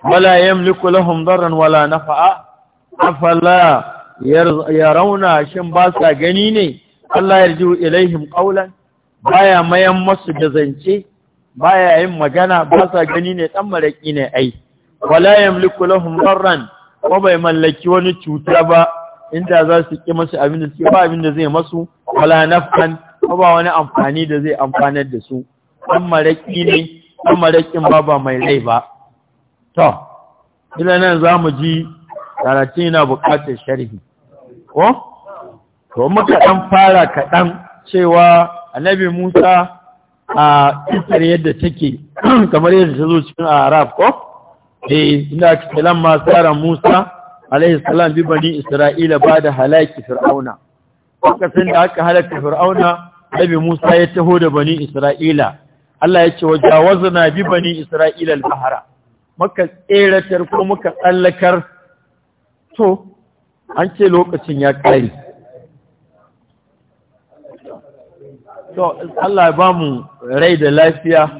wala yamliku lahum darran wala nafa'a afala rauna! shin ba sa gani ne Allah ya yarju ilaihim qawlan baya mayan masu da zance baya yin magana ba sa gani ne Ɗan maraƙi ne ai wala yamliku lahum darran ko bai mallaki wani cuta ba inda za su ki masu abin da ba abin da zai masu wala nafkan ko ba wani amfani da zai amfanar da su dan maraki ne dan marakin ba ba mai rai ba to ina nan za mu ji karatu yana buƙatar sharhi ko to muka dan fara kaɗan cewa annabi Musa a kisar yadda take kamar yadda ta zo cikin araf ko eh inda ta lamma tsara Musa alaihi salam bi bani Isra'ila ba da halaki Fir'auna lokacin da aka halaka Fir'auna Nabi Musa ya taho da bani Isra'ila Allah ya ce jawazna bi bani Isra'ila al-bahra muka tseratar ko muka tsallakar to an ce lokacin ya kare to Allah ya ba mu rai da lafiya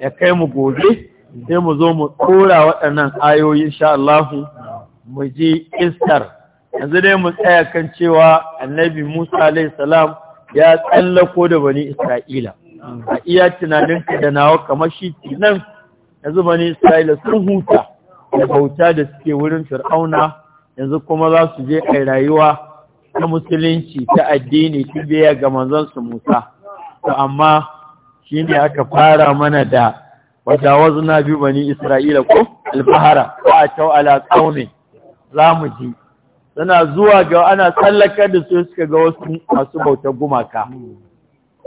ya kai mu gobe sai mu zo mu tsora waɗannan ayoyi insha Allah mu ji istar yanzu dai mu tsaya kan cewa annabi Musa alayhi salam ya tsallako da bani Isra'ila a iya tunanin da nawa kamar shi nan yanzu bani Isra'ila sun huta da bauta da suke wurin Fir'auna yanzu kuma za su je a rayuwa ta musulunci ta addini ta biya ga manzon Musa to amma shi ne aka fara mana da wata na biyu bani isra'ila ko alfahara ko wa ta ala Za mu ji suna zuwa ga ana tsallakar da su suka ga wasu masu bautar gumaka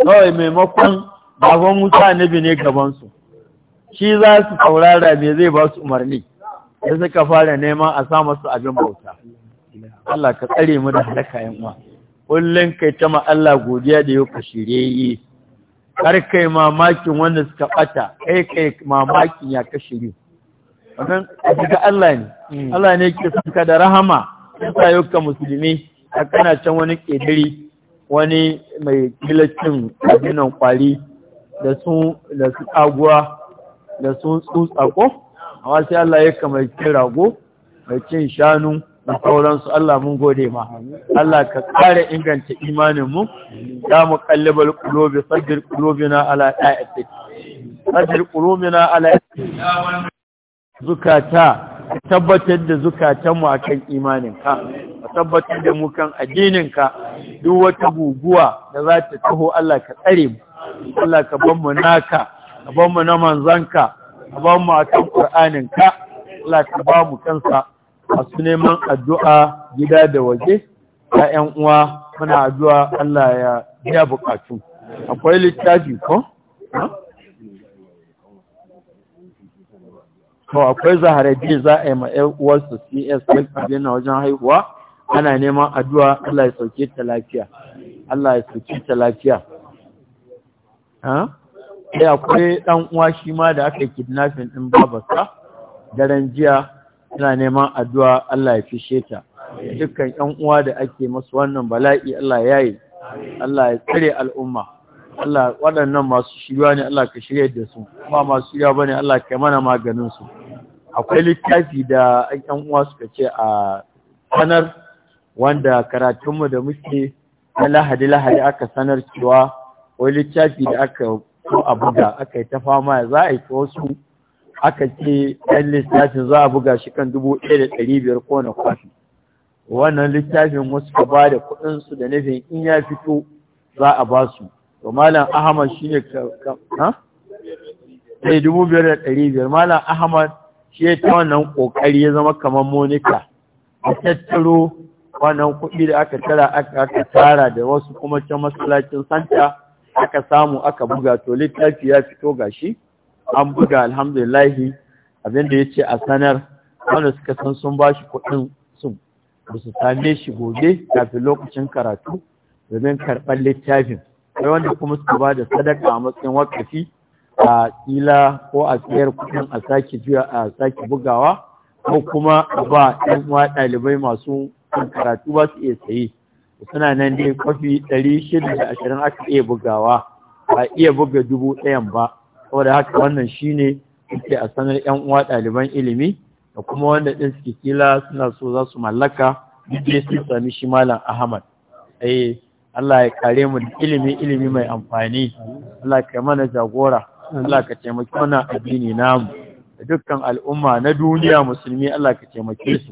kawai maimakon baban musa nabi ne gabansu shi za su saurara me zai ba su umarni da suka fara neman a sa masu abin bauta Allah ka tsare mu da halaka yan uwa kullum kai ta ma Allah godiya da yau ka shirye har kai mamakin wanda suka bata kai kai mamakin ya ka shirye wannan Allah ne hmm. Allah ne ke suka da rahama sa yau ka musulmi a kana can wani ƙediri wani mai kilacin abinan kwari da su da su kaguwa da su tsutsa amma sai Allah ya kamar rago mai cin shanu da sauransu Allah mun gode ma Allah ka ƙara inganta imaninmu ya mu ya ƙulobi, qulubi sabbir ala ta'atik sabbir qulubina ala zukata tabbatar da zukatan a kan imaninka. ka tabbatar da mu kan addininka duk wata guguwa da za ta taho Allah ka tsare mu Allah ka ban mu naka ka ban mu na manzanka ka ban mu a kan ka Allah ka ba mu kansa masu neman addu'a gida da waje ‘ya'yan uwa muna addu'a Allah ya biya bukatu akwai littafi ko? to akwai biyu za a yi ma uwarsu cs ɗin na wajen haihuwa ana neman addu'a Allah ya sauke ta lafiya Allah ya sauke ta lafiya sai eh, akwai ɗan uwa shi ma da aka yi kidnafin ɗin babasa, daren jiya ina neman addu'a Allah ya fishe ta dukkan ƴan uwa da ake masu wannan bala'i Allah ya yi Allah ya tsare al'umma Allah waɗannan masu shirya ne Allah ka shirya da su kuma masu shirya bane Allah ka mana maganin su akwai littafi da ƴan uwa suka ce a sanar wanda karatunmu da muke na lahadi lahadi aka sanar cewa wani littafi da aka ko a buga aka yi ta fama za a yi wasu aka ce ɗan littafin za a buga shi kan dubu ɗaya da ɗari biyar ko na kwafi wannan littafin wasu ka ba da kuɗinsu da nufin in ya fito za a ba su to malam ahmad shi ne ɗaya eh, dubu biyar da ɗari biyar malam ahmad shi ya ta wannan ƙoƙari ya zama kamar monika a tattaro wannan kuɗi da aka tara aka tara da wasu kuma can masallacin santa aka samu aka buga to littafi ya fito gashi an buga alhamdulillahi abinda ya ce a sanar wanda suka san sun ba shi kuɗin sun ba su same shi gobe kafin lokacin karatu domin karɓar littafin sai wanda kuma suka ba da sadaka a matsayin wakafi a tsila ko a tsayar kuɗin a sake juya a sake bugawa ko kuma ba ɗan uwa ɗalibai masu karatu ba su iya saye suna nan dai kwafi ashirin aka iya bugawa ba iya buga dubu ɗayan ba saboda haka wannan shine suke a sanar yan uwa ɗaliban ilimi da kuma wanda ɗin suke kila suna so za su mallaka duk sun sami shi malam ahmad eh Allah ya kare mu da ilimi ilimi mai amfani Allah ka mana jagora Allah ka taimaki mana addini namu da dukkan al'umma na duniya musulmi Allah ka taimake su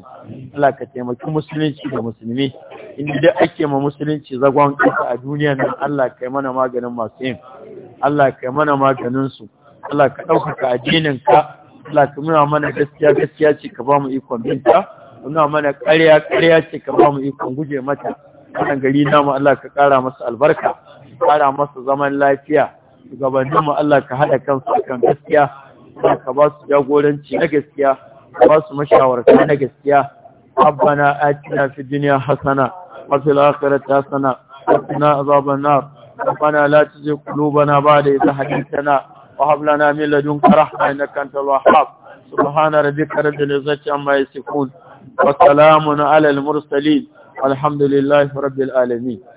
Allah ka taimaki musulunci da musulmi inda ake ma musulunci zagon kasa a duniya nan Allah ka mana maganin masu yin Allah ka mana maganin su. Allah ka ɗaukaka addininka Allah ka nuna mana gaskiya gaskiya ce ka ba mu ikon binta nuna mana ƙarya ƙarya ce ka ba mu ikon guje mata wannan gari namu Allah ka ƙara masa albarka ƙara masa zaman lafiya mu Allah ka haɗa kansu kan gaskiya ka ba su jagoranci na gaskiya ka ba su mashawarta na gaskiya ربنا آتنا في الدنيا حسنة وفي الآخرة حسنة وقنا عذاب النار ربنا لا تزغ قلوبنا بعد إذ هديتنا وهب لنا من لدنك رحمة إنك أنت الوهاب سبحان ربك رب العزة عما يصفون وسلام على المرسلين الحمد لله رب العالمين